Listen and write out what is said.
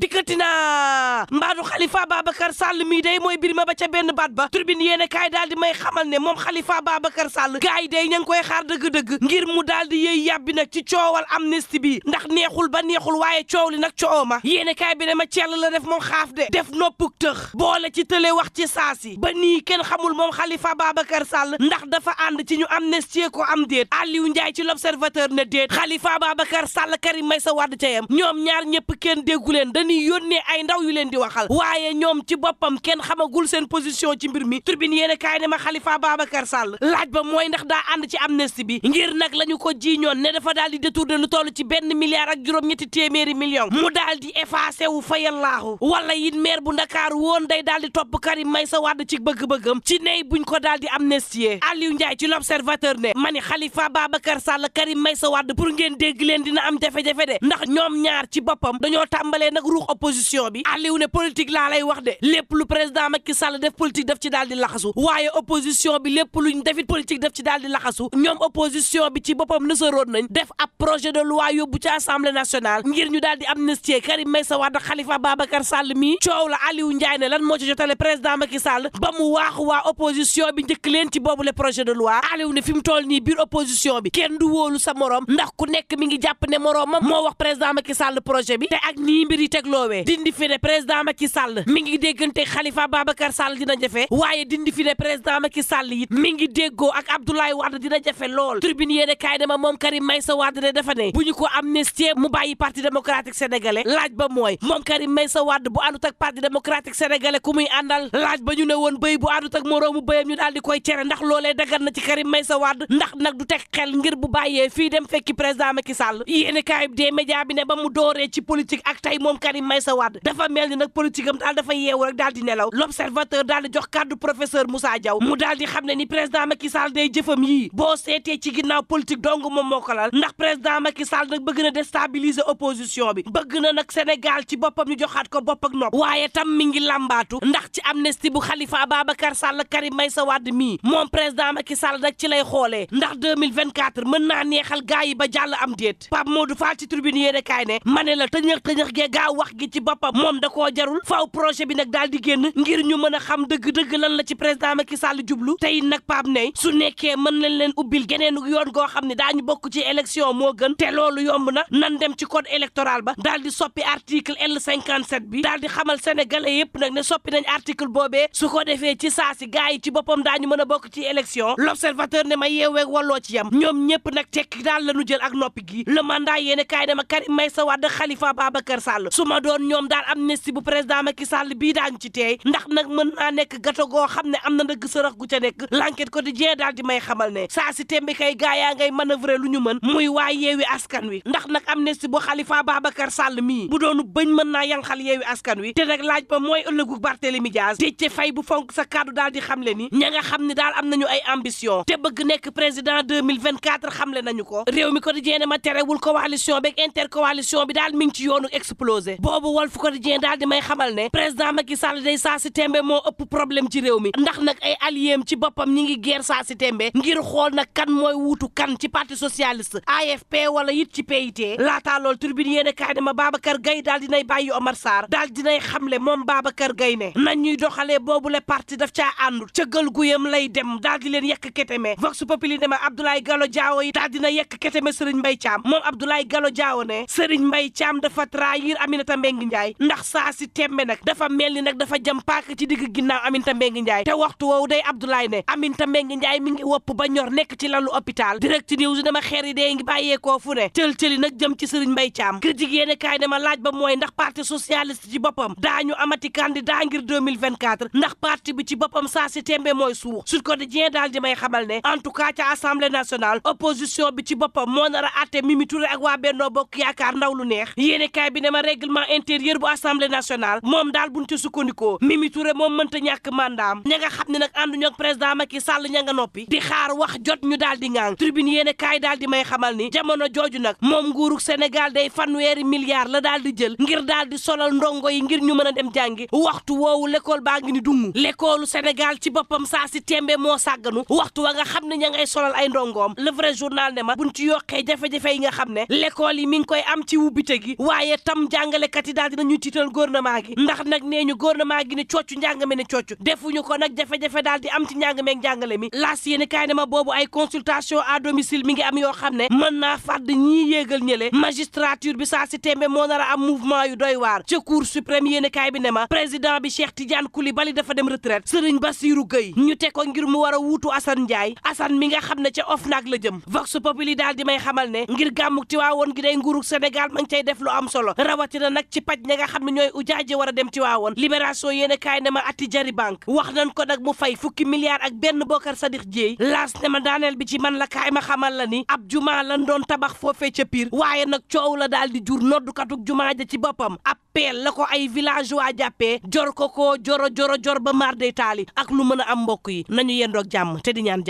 dikkati naa mbaadu xalifa babacar sàll mii day mooy bir ma ba ca benn baat ba turbine yéene kaay daal di may xamal ne moom xalifa babacar sàll gars yi day ña koy xaar dëgg-dëgg ngir mu daal di yëy yàbbi nag ci coowal amnistie bi ndax neexul ba neexul waaye coow li nag coow ma yéene bi ne ma cell la def moom xaaf de def noppuk tëx boole ci tële wax ci saasi ba nii kenn xamul moom xalifa babacar sàll ndax dafa ànd ci ñu amnistie ko am déet Aliou Ndiaye ci l'observateur ne déet xalifa babacar sàll karim may sa wàdd ca yam ñoom ñaar ñëpp kenn déggu ni yónnee ay ndaw yu leen di waxal waaye ñoom ci boppam kenn xamagul seen position ci mbir mi turbine yéen kaay ma xalifa baaba Babacar Sall laaj ba mooy ndax daa ànd ci amnistie bi ngir nag la ñu ko jiiñoon ne dafa daal di détourné lu toll ci benn milliard ak juróom-ñetti téeméeri million mu daal di effacé wu fayallaahu wala it meer bu Ndakaaru woon day daal di topp may sa wadd ci bëgg-bëggam ci ney buñ ko daal di amnistier Aliou Ndiaye ci l'observateur ne ma ni Khalifa Babacar Sall Karim Meïssa Wade pour ngeen dégg leen dina am jafe ndax ñoom ñaar ci boppam dañoo tàmbalee nag ruux opposition bi Aliou ne politique laa lay wax de lépp lu président Macky Sall def politique daf ci daal di laxasu waaye opposition bi lépp luñ defit politique daf ci daal di laxasu ñoom opposition bi ci boppam nësaroon nañ def ab projet de loi yóbbu ci assemblée nationale ngir ñu daal di amnistier Karim Meïssa Wade Khalifa Babacar Sall mi coow la Aliou Ndiaye ne lan moo ci jotale président Macky ba mu waaxu waa opposition bi njëkk leen ci boobu le projet de teg loowee dindi fi ne président ki Sall mi ngi déggante Khalifa Babacar Sall dina jafe waaye dindi fi ne président ki Sall it mi ngi déggoo ak Abdoulaye Wade dina jafe lool tribune yéene kaay ma moom Karim may sa ne dafa ne bu ñu ko amnistie mu bàyyi parti démocratique sénégalais laaj ba mooy moom Karim Meïssa Wade bu àndut ak parti démocratique sénégalais ku muy àndal laaj ba ñu ne woon béy bu àndut ak moroomu béyam ñu daal di koy cere ndax loolee dagan na ci Karim Meïssa Wade ndax nag du teg xel ngir bu bàyyee fii dem fekki président Macky Sall yéene kaay bi ne ba mu dooree ci politique ak tey moom Karim Meïssa Wade dafa mel ni nag politique am daal dafa yeewu rek daal di nelaw l'observateur daal di jox kàddu professeur Moussa Diaw mu daal di xam ne ni président Macky Sall day jëfam yii boo seetee ci ginnaaw politique dong moom moo ko lal ndax président Macky Sall nag bëgg na déstabiliser opposition bi bëgg na nag Sénégal ci boppam ñu joxaat ko bopp ak nopp waaye tam mi ngi làmbaatu ndax ci amnistie bu Khalifa Ababacar Sall Karim Meïssa Wade mii moom président Macky Sall nag ci lay xoolee ndax 2024 mën naa neexal gaay yi ba jàll am déet Pape Modou Fall ci tribune yéene kaay ma ne la tëñëx wax gi ci boppam moom da koo jarul faaw projet bi nag daal di génn ngir ñu mën a xam dëgg-dëgg lan la ci président Macky Sall jublu tey nag Pape Ndeye su nekkee mën nañ leen ubbil geneen yoon goo xam ne daañu bokk ci élection moo gën te loolu yomb na nan dem ci code électoral ba daal di soppi article L57 bi daal di xamal sénégalais yépp nag ne soppi nañ article boobee su ko defee ci saa si gars yi ci boppam ñu mën a bokk ci élection l'observateur ne ma yeeweeg ci yam ñoom ñëpp nag tekki daal la ñu jël ak noppi gi le mandat yéen kaay dama Karim Meïssa Wade Khalifa Babacar Sall ma doon ñoom daal amnistie bu président Macky Sall bii daañ ci teey ndax nag mën naa nekk gato goo xam ne am na ndëgg sërëx gu ca nekk l'enquête quotidien daal di may xamal ne saa si tembi kay gaa yaa ngay manœuvrer lu ñu mën muy waa yeewi askan wi ndax nag amnistie bu Khalifa Babacar Sall mii bu doonu bëñ mën naa yanxal yeewi askan wi te nag laaj ba mooy ëllëgu Barthélémy Dias Déthié fay bu fonk sa kaddu daal di xam le ni ña xam ni daal am nañu ay ambition te nekk président 2024 xam le nañu ko réew mi quotidien ma terewul coalition beeg intercoalition bi daal mi ngi ci yoonu explosé de boobu Walf Quotidien daal di may xamal ne président Macky Sall day saa si moo ëpp problème ci réew mi ndax nag ay alliés ci boppam ñi ngi geer saa si tembe ngir xool nag kan mooy wuutu kan ci parti socialiste AFP wala it ci PIT laataa lool turbine yéen a kaay ne ma Babacar Gaye daal dinay bàyyi Omar Sarr daal dinay xamle moom baaba kër gay ne nañ ñuy doxalee boobu le parti daf caa àndul cëggal guyam lay dem daal di leen yekk keteme Vox Populi ne ma Abdoulaye Gallo Diawo yi daal dina yekk keteme Serigne Mbaye Thiam moom Abdoulaye Gallo Diawo ne Serigne Mbaye Thiam dafa trahir Amina Aminata Mbengue Ndiaye ndax saa si tembe nag dafa mel ni nag dafa jam paak ci digg ginnaaw Aminata Mbengue Ndiaye te waxtu woowu day Abdoulaye ne Aminata Mbengue Ndiaye mi ngi wopp ba ñor nekk ci lalu hôpital direct news dama xeer yi dee ngi bàyyeekoo fu ne tël-tëli nag jëm ci Serigne Mbaye Thiam critique yéene kaay dama laaj ba mooy ndax parti socialiste ci boppam daañu amati candidat ngir 2024 ndax parti bi ci boppam saa si tembe mooy suux Sud Quotidien daal di may xamal ne en tout cas ca assemblée nationale opposition boppam moo a atte Mimi Touré ak Bokk Yaakaar ndaw lu neex règlement intérieur bu assemblée nationale moom dal buñ ci sukkandikoo Mimi Touré moom mënta ñàkk mandaam ña nga xam ne nag ànduñu ak président Macky Sall ña nga noppi di xaar wax jot ñu daal di ŋaang tribune yéen kaay di may xamal ni jamono jooju nag moom nguurug Sénégal day fanweeri milliards la daal di jël ngir daal di solal ndongo yi ngir ñu mën a dem jàngi waxtu woowu l'école baa ngi ni dungu l'école Sénégal ci boppam saa si tembe moo sàgganu waxtu wa nga xam ne ña ngay solal ay ndongoom le vrai journal ne ma buñ ci yokkee jafe-jafe yi nga xam ne l'école yi mi ngi koy am ci wubbite gi waaye tam jàngale jàngalekat yi daal dina ñuy tiital gouvernement gi ndax nag nee ñu gouvernement gi ne cocc njàng me ne cocc defuñu ko nag jafe-jafe daal di am ci njàng meeg njàngale mi laas yéeni kaay dama boobu ay consultation à domicile mi ngi am yoo xam ne mën naa fàdd ñii yéegal ñële magistrature bi saa si tembe moo nar a am mouvement yu doy waar ca cour suprême yéeni kaay bi ne ma président bi Cheikh Tidiane Koulibaly dafa dem retraite Serigne Bassirou Gueye ñu teg ko ngir mu war wuutu Assane Ndiaye asan mi nga xam ne ca OFNAC la jëm vox populi daal di may ne ngir gàmmuk Tiwaawoon gi day nguurug Sénégal ma ngi cay def lu am solo na nag ci paj ña nga xam ne ñooy ujaaji war a dem ci waawoon libération yéen kaay ma atti jari banque wax nañ ko nag mu fay fukki milliards ak benn bokkar sadix jéey laas ne ma daaneel bi ci man la kaay ma xamal la ni ab jumaa lan doon tabax foofee ca piir waaye nag coow la daal di jur noddukatug jumaa ja ci boppam appel la ko ay villageois jàppee jor ko ko joro joro jor ba maar day taali ak lu mën a am mbokk yi na nañu yendoog jàmm te di ñaan jàmm